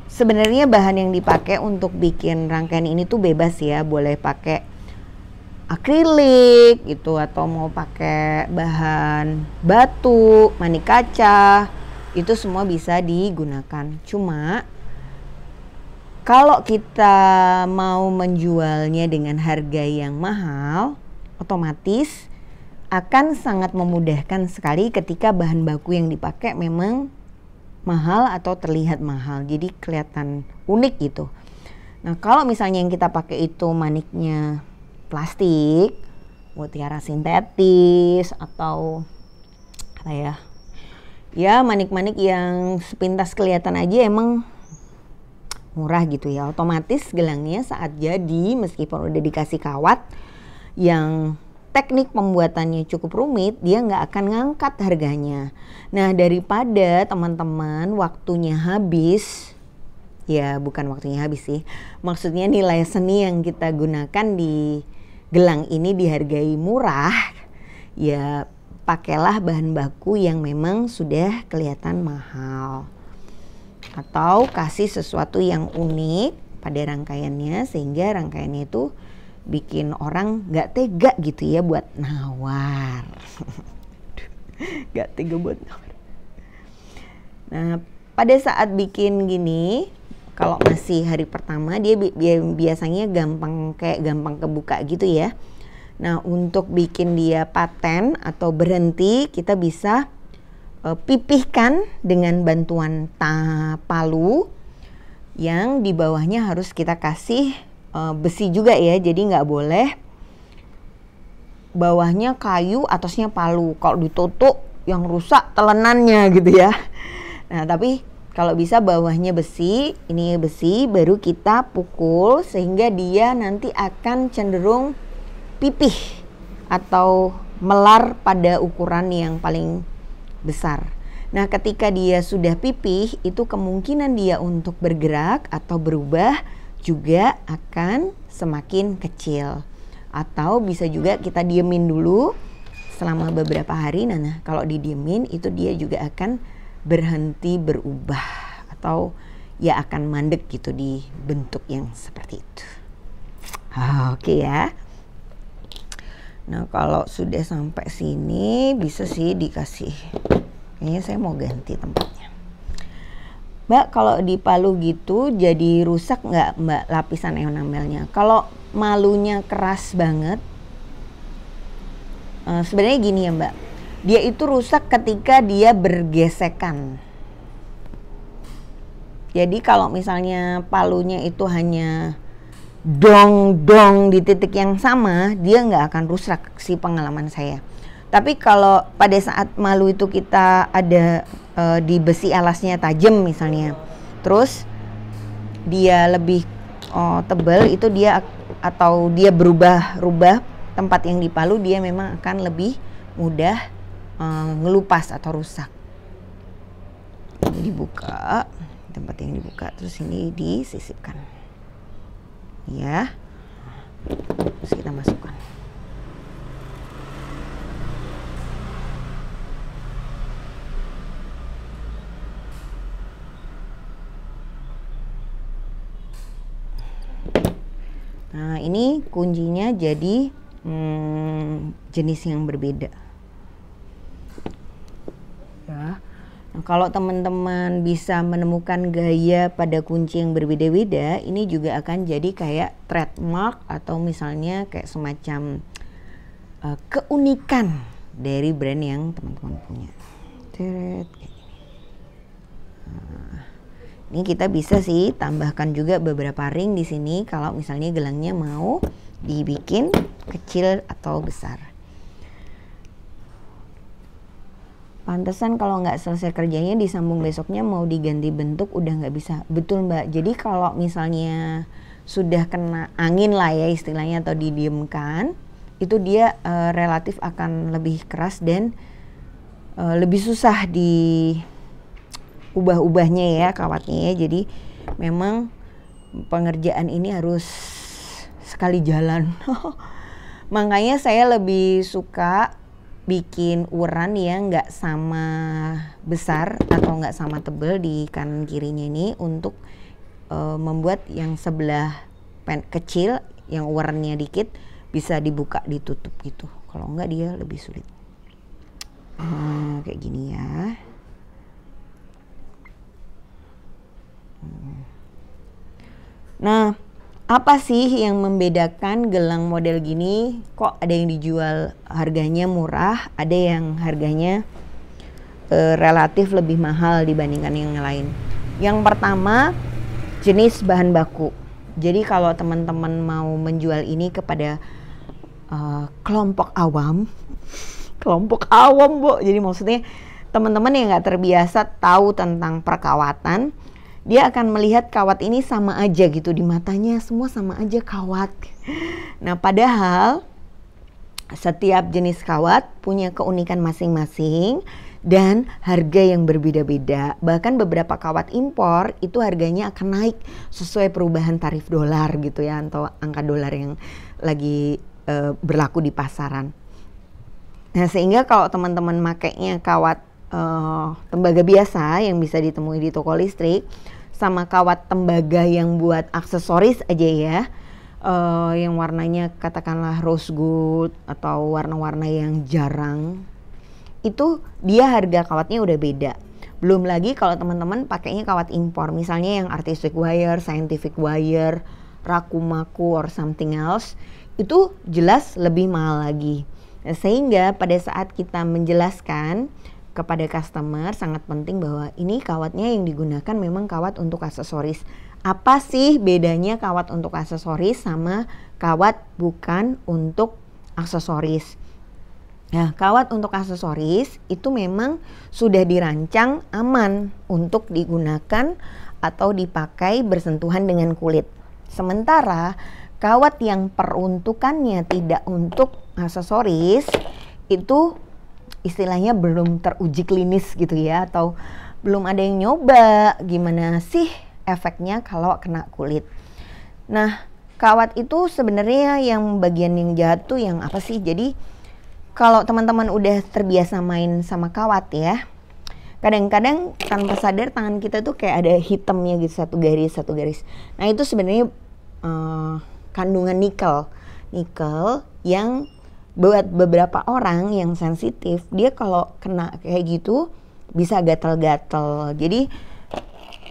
sebenarnya bahan yang dipakai untuk bikin rangkaian ini tuh bebas ya boleh pakai akrilik gitu atau mau pakai bahan batu manik kaca itu semua bisa digunakan. Cuma kalau kita mau menjualnya dengan harga yang mahal, otomatis akan sangat memudahkan sekali ketika bahan baku yang dipakai memang mahal atau terlihat mahal. Jadi kelihatan unik gitu. Nah, kalau misalnya yang kita pakai itu maniknya plastik, mutiara sintetis atau apa ya? ya manik-manik yang sepintas kelihatan aja emang murah gitu ya otomatis gelangnya saat jadi meskipun udah dikasih kawat yang teknik pembuatannya cukup rumit dia nggak akan ngangkat harganya nah daripada teman-teman waktunya habis ya bukan waktunya habis sih maksudnya nilai seni yang kita gunakan di gelang ini dihargai murah ya pakailah bahan baku yang memang sudah kelihatan mahal. Atau kasih sesuatu yang unik pada rangkaiannya sehingga rangkaiannya itu bikin orang gak tega gitu ya buat nawar. gak tega buat nawar. Nah, pada saat bikin gini, kalau masih hari pertama dia bi biasanya gampang kayak gampang kebuka gitu ya. Nah, untuk bikin dia paten atau berhenti, kita bisa e, pipihkan dengan bantuan ta palu yang di bawahnya harus kita kasih e, besi juga ya. Jadi nggak boleh bawahnya kayu, atasnya palu. Kalau ditutup yang rusak telenannya gitu ya. Nah, tapi kalau bisa bawahnya besi, ini besi baru kita pukul sehingga dia nanti akan cenderung pipih atau melar pada ukuran yang paling besar. Nah, ketika dia sudah pipih, itu kemungkinan dia untuk bergerak atau berubah juga akan semakin kecil. Atau bisa juga kita diemin dulu selama beberapa hari. Nah, nah kalau didiemin itu dia juga akan berhenti berubah atau ya akan mandek gitu di bentuk yang seperti itu. Oke okay ya. Nah kalau sudah sampai sini bisa sih dikasih. Kayaknya saya mau ganti tempatnya. Mbak kalau di Palu gitu jadi rusak nggak mbak lapisan enamelnya? Kalau malunya keras banget, uh, sebenarnya gini ya mbak, dia itu rusak ketika dia bergesekan. Jadi kalau misalnya palunya itu hanya dong-dong di titik yang sama, dia nggak akan rusak si pengalaman saya. Tapi kalau pada saat malu itu kita ada uh, di besi alasnya tajam misalnya, terus dia lebih oh, tebal itu dia atau dia berubah-rubah tempat yang dipalu dia memang akan lebih mudah uh, ngelupas atau rusak. Jadi buka tempat yang dibuka terus ini disisipkan ya terus kita masukkan Nah, ini kuncinya jadi hmm, jenis yang berbeda. Ya kalau teman-teman bisa menemukan gaya pada kunci yang berbeda-beda, ini juga akan jadi kayak trademark atau misalnya kayak semacam uh, keunikan dari brand yang teman-teman punya. Nah, ini kita bisa sih tambahkan juga beberapa ring di sini kalau misalnya gelangnya mau dibikin kecil atau besar. pantesan kalau nggak selesai kerjanya disambung besoknya mau diganti bentuk udah nggak bisa betul mbak jadi kalau misalnya sudah kena angin lah ya istilahnya atau didiemkan itu dia uh, relatif akan lebih keras dan uh, lebih susah di ubah-ubahnya ya kawatnya ya jadi memang pengerjaan ini harus sekali jalan makanya saya lebih suka bikin uran yang nggak sama besar atau nggak sama tebel di kanan kirinya ini untuk uh, membuat yang sebelah pen kecil yang urannya dikit bisa dibuka ditutup gitu kalau nggak dia lebih sulit nah, kayak gini ya hmm. nah apa sih yang membedakan gelang model gini? Kok ada yang dijual harganya murah, ada yang harganya e, relatif lebih mahal dibandingkan yang lain. Yang pertama, jenis bahan baku. Jadi kalau teman-teman mau menjual ini kepada uh, kelompok awam, kelompok awam, Bu. Jadi maksudnya teman-teman yang nggak terbiasa tahu tentang perkawatan, dia akan melihat kawat ini sama aja gitu di matanya semua sama aja kawat. Nah, padahal setiap jenis kawat punya keunikan masing-masing dan harga yang berbeda-beda. Bahkan beberapa kawat impor itu harganya akan naik sesuai perubahan tarif dolar gitu ya atau angka dolar yang lagi e, berlaku di pasaran. Nah, sehingga kalau teman-teman makainya kawat e, tembaga biasa yang bisa ditemui di toko listrik, sama kawat tembaga yang buat aksesoris aja ya uh, yang warnanya katakanlah rose gold atau warna-warna yang jarang itu dia harga kawatnya udah beda belum lagi kalau teman-teman pakainya kawat impor misalnya yang artistic wire, scientific wire, rakumaku or something else itu jelas lebih mahal lagi sehingga pada saat kita menjelaskan kepada customer sangat penting bahwa ini kawatnya yang digunakan memang kawat untuk aksesoris. Apa sih bedanya kawat untuk aksesoris sama kawat bukan untuk aksesoris? Nah, kawat untuk aksesoris itu memang sudah dirancang aman untuk digunakan atau dipakai bersentuhan dengan kulit. Sementara kawat yang peruntukannya tidak untuk aksesoris itu istilahnya belum teruji klinis gitu ya atau belum ada yang nyoba gimana sih efeknya kalau kena kulit. Nah, kawat itu sebenarnya yang bagian yang jatuh yang apa sih? Jadi kalau teman-teman udah terbiasa main sama kawat ya, kadang-kadang tanpa sadar tangan kita tuh kayak ada hitamnya gitu satu garis satu garis. Nah itu sebenarnya uh, kandungan nikel, nikel yang buat beberapa orang yang sensitif dia kalau kena kayak gitu bisa gatel-gatel jadi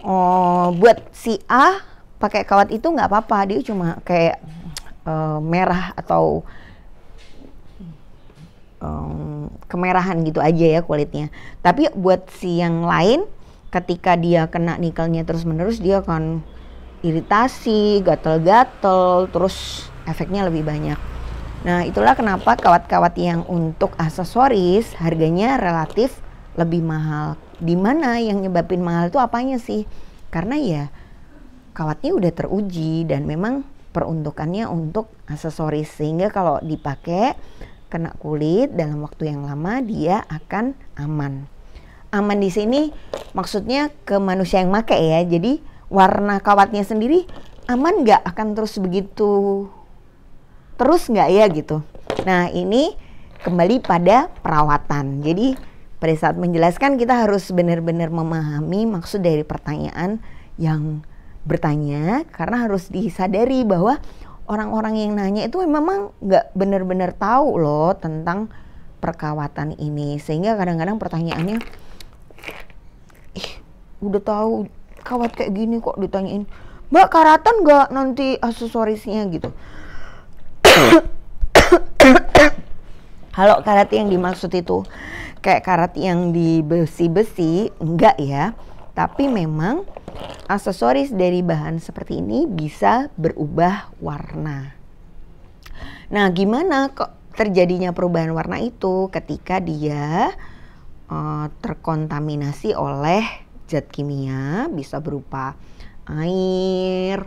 oh, buat si A pakai kawat itu nggak apa-apa dia cuma kayak uh, merah atau um, kemerahan gitu aja ya kulitnya tapi buat si yang lain ketika dia kena nikelnya terus-menerus dia akan iritasi gatel-gatel terus efeknya lebih banyak Nah, itulah kenapa kawat-kawat yang untuk aksesoris harganya relatif lebih mahal. Di mana yang nyebabin mahal itu apanya sih? Karena ya kawatnya udah teruji dan memang peruntukannya untuk aksesoris sehingga kalau dipakai kena kulit dalam waktu yang lama dia akan aman. Aman di sini maksudnya ke manusia yang make ya. Jadi warna kawatnya sendiri aman nggak akan terus begitu terus nggak ya gitu. Nah ini kembali pada perawatan. Jadi pada saat menjelaskan kita harus benar-benar memahami maksud dari pertanyaan yang bertanya karena harus disadari bahwa orang-orang yang nanya itu memang nggak benar-benar tahu loh tentang perkawatan ini sehingga kadang-kadang pertanyaannya ih udah tahu kawat kayak gini kok ditanyain mbak karatan nggak nanti aksesorisnya gitu Halo karat yang dimaksud itu kayak karat yang di besi-besi enggak ya. Tapi memang aksesoris dari bahan seperti ini bisa berubah warna. Nah, gimana kok terjadinya perubahan warna itu ketika dia uh, terkontaminasi oleh zat kimia bisa berupa air,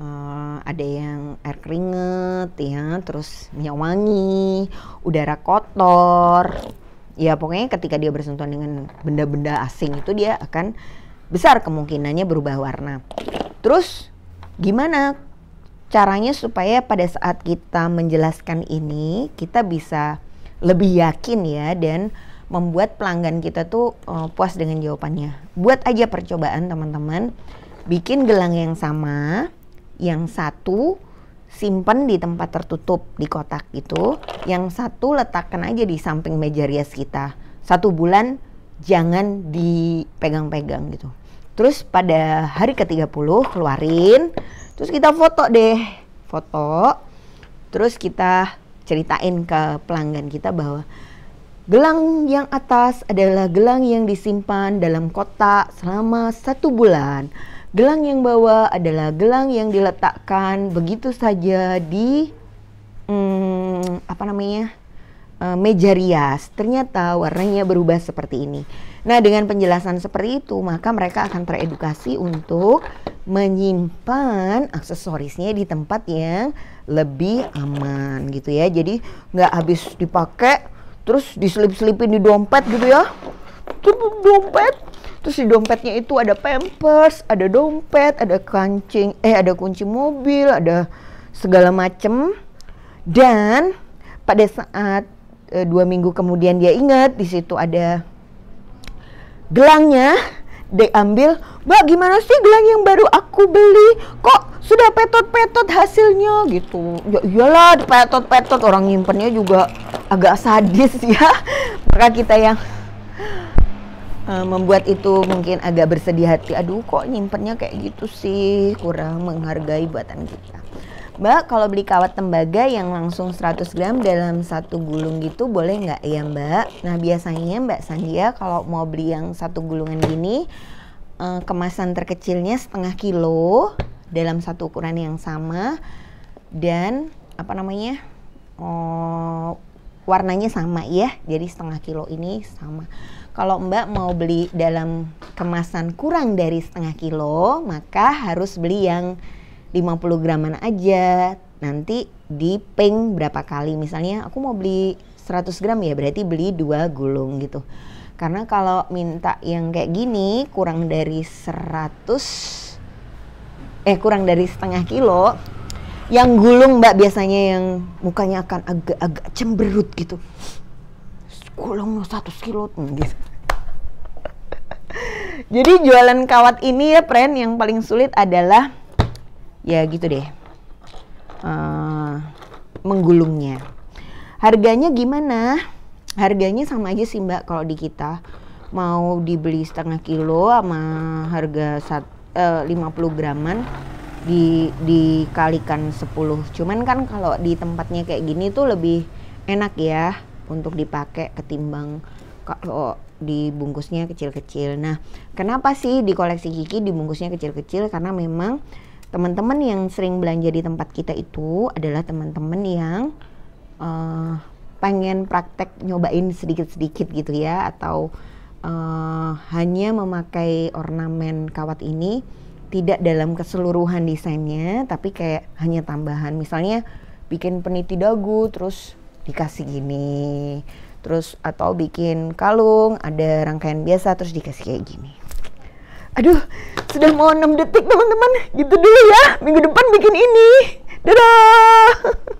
Uh, ada yang air keringet ya terus minyak wangi udara kotor ya pokoknya ketika dia bersentuhan dengan benda-benda asing itu dia akan besar kemungkinannya berubah warna terus gimana caranya supaya pada saat kita menjelaskan ini kita bisa lebih yakin ya dan membuat pelanggan kita tuh uh, puas dengan jawabannya buat aja percobaan teman-teman bikin gelang yang sama yang satu simpen di tempat tertutup di kotak itu, yang satu letakkan aja di samping meja rias kita satu bulan jangan dipegang-pegang gitu terus pada hari ke-30 keluarin terus kita foto deh foto terus kita ceritain ke pelanggan kita bahwa Gelang yang atas adalah gelang yang disimpan dalam kotak selama satu bulan. Gelang yang bawa adalah gelang yang diletakkan begitu saja di hmm, apa namanya uh, meja rias. Ternyata warnanya berubah seperti ini. Nah dengan penjelasan seperti itu maka mereka akan teredukasi untuk menyimpan aksesorisnya di tempat yang lebih aman gitu ya. Jadi nggak habis dipakai terus diselip-selipin di dompet gitu ya. Tuh dompet Terus di dompetnya itu ada pampers, ada dompet, ada kancing, eh ada kunci mobil, ada segala macem. Dan pada saat e, dua minggu kemudian dia ingat di situ ada gelangnya, dia ambil, mbak gimana sih gelang yang baru aku beli? Kok sudah petot-petot hasilnya gitu? Ya iyalah petot-petot orang nyimpennya juga agak sadis ya. Maka kita yang Eh, membuat itu mungkin agak bersedih hati. Aduh, kok nyimpennya kayak gitu sih, kurang menghargai buatan kita. Mbak, kalau beli kawat tembaga yang langsung 100 gram dalam satu gulung gitu boleh nggak ya Mbak? Nah biasanya Mbak Sandia kalau mau beli yang satu gulungan gini eh, kemasan terkecilnya setengah kilo dalam satu ukuran yang sama dan apa namanya oh, warnanya sama ya jadi setengah kilo ini sama kalau Mbak mau beli dalam kemasan kurang dari setengah kilo, maka harus beli yang 50 graman aja. Nanti di ping berapa kali misalnya aku mau beli 100 gram ya berarti beli dua gulung gitu. Karena kalau minta yang kayak gini kurang dari 100 eh kurang dari setengah kilo yang gulung mbak biasanya yang mukanya akan agak-agak cemberut gitu gulung lu 100 kilo gitu. Jadi jualan kawat ini ya friend yang paling sulit adalah ya gitu deh. Uh, menggulungnya. Harganya gimana? Harganya sama aja sih Mbak kalau di kita mau dibeli setengah kilo sama harga sat, eh, uh, 50 graman di dikalikan 10. Cuman kan kalau di tempatnya kayak gini tuh lebih enak ya untuk dipakai ketimbang kalau dibungkusnya kecil-kecil. Nah, kenapa sih di koleksi Kiki dibungkusnya kecil-kecil? Karena memang teman-teman yang sering belanja di tempat kita itu adalah teman-teman yang uh, pengen praktek nyobain sedikit-sedikit gitu ya, atau uh, hanya memakai ornamen kawat ini tidak dalam keseluruhan desainnya, tapi kayak hanya tambahan. Misalnya bikin peniti dagu, terus dikasih gini terus atau bikin kalung ada rangkaian biasa terus dikasih kayak gini aduh sudah mau 6 detik teman-teman gitu dulu ya minggu depan bikin ini dadah